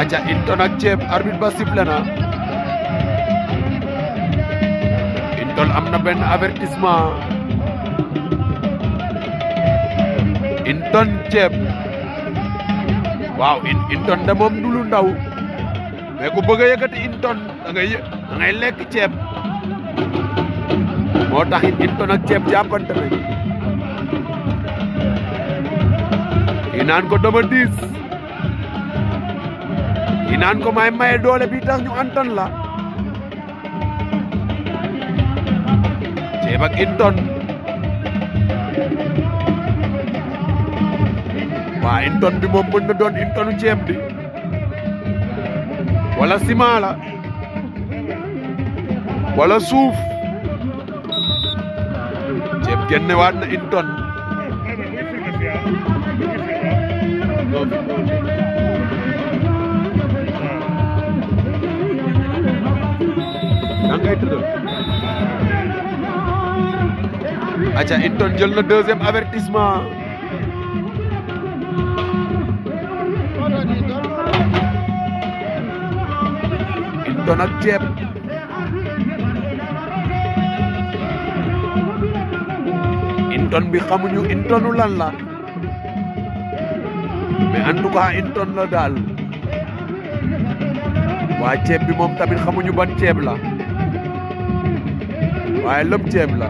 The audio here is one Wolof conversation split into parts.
aca in tona ceeb arbitre ba sifle na am na benn avertissement in ceeb waaw in in de moom du lu ndaw mais ku bëgg a yëkkati in ton da ngay lekk ceeb moo tax it ak ceeb jàppante nañ i naan ko dama diis ki naan ko may maye doole bi tax ñu antan la ceeb inton waa inton bi moom mën na doon intonu ceeb di wala ciment la wala suuf ceeb génne waat na inton mètres. aca Elton jël na deuxième avertissement. Elton ak ceeb. Elton bi xamuñu Eltonu lan la. mais en tout cas la daal. waa ceeb bi moom tamit xamuñu ban ceeb la. waaye lépp ceeb la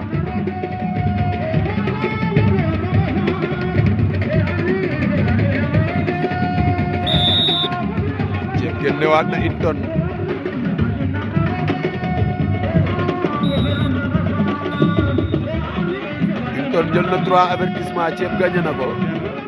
ceeb génnewaat na une tonne une tonne jël na trois avertissement ceeb gagné na ko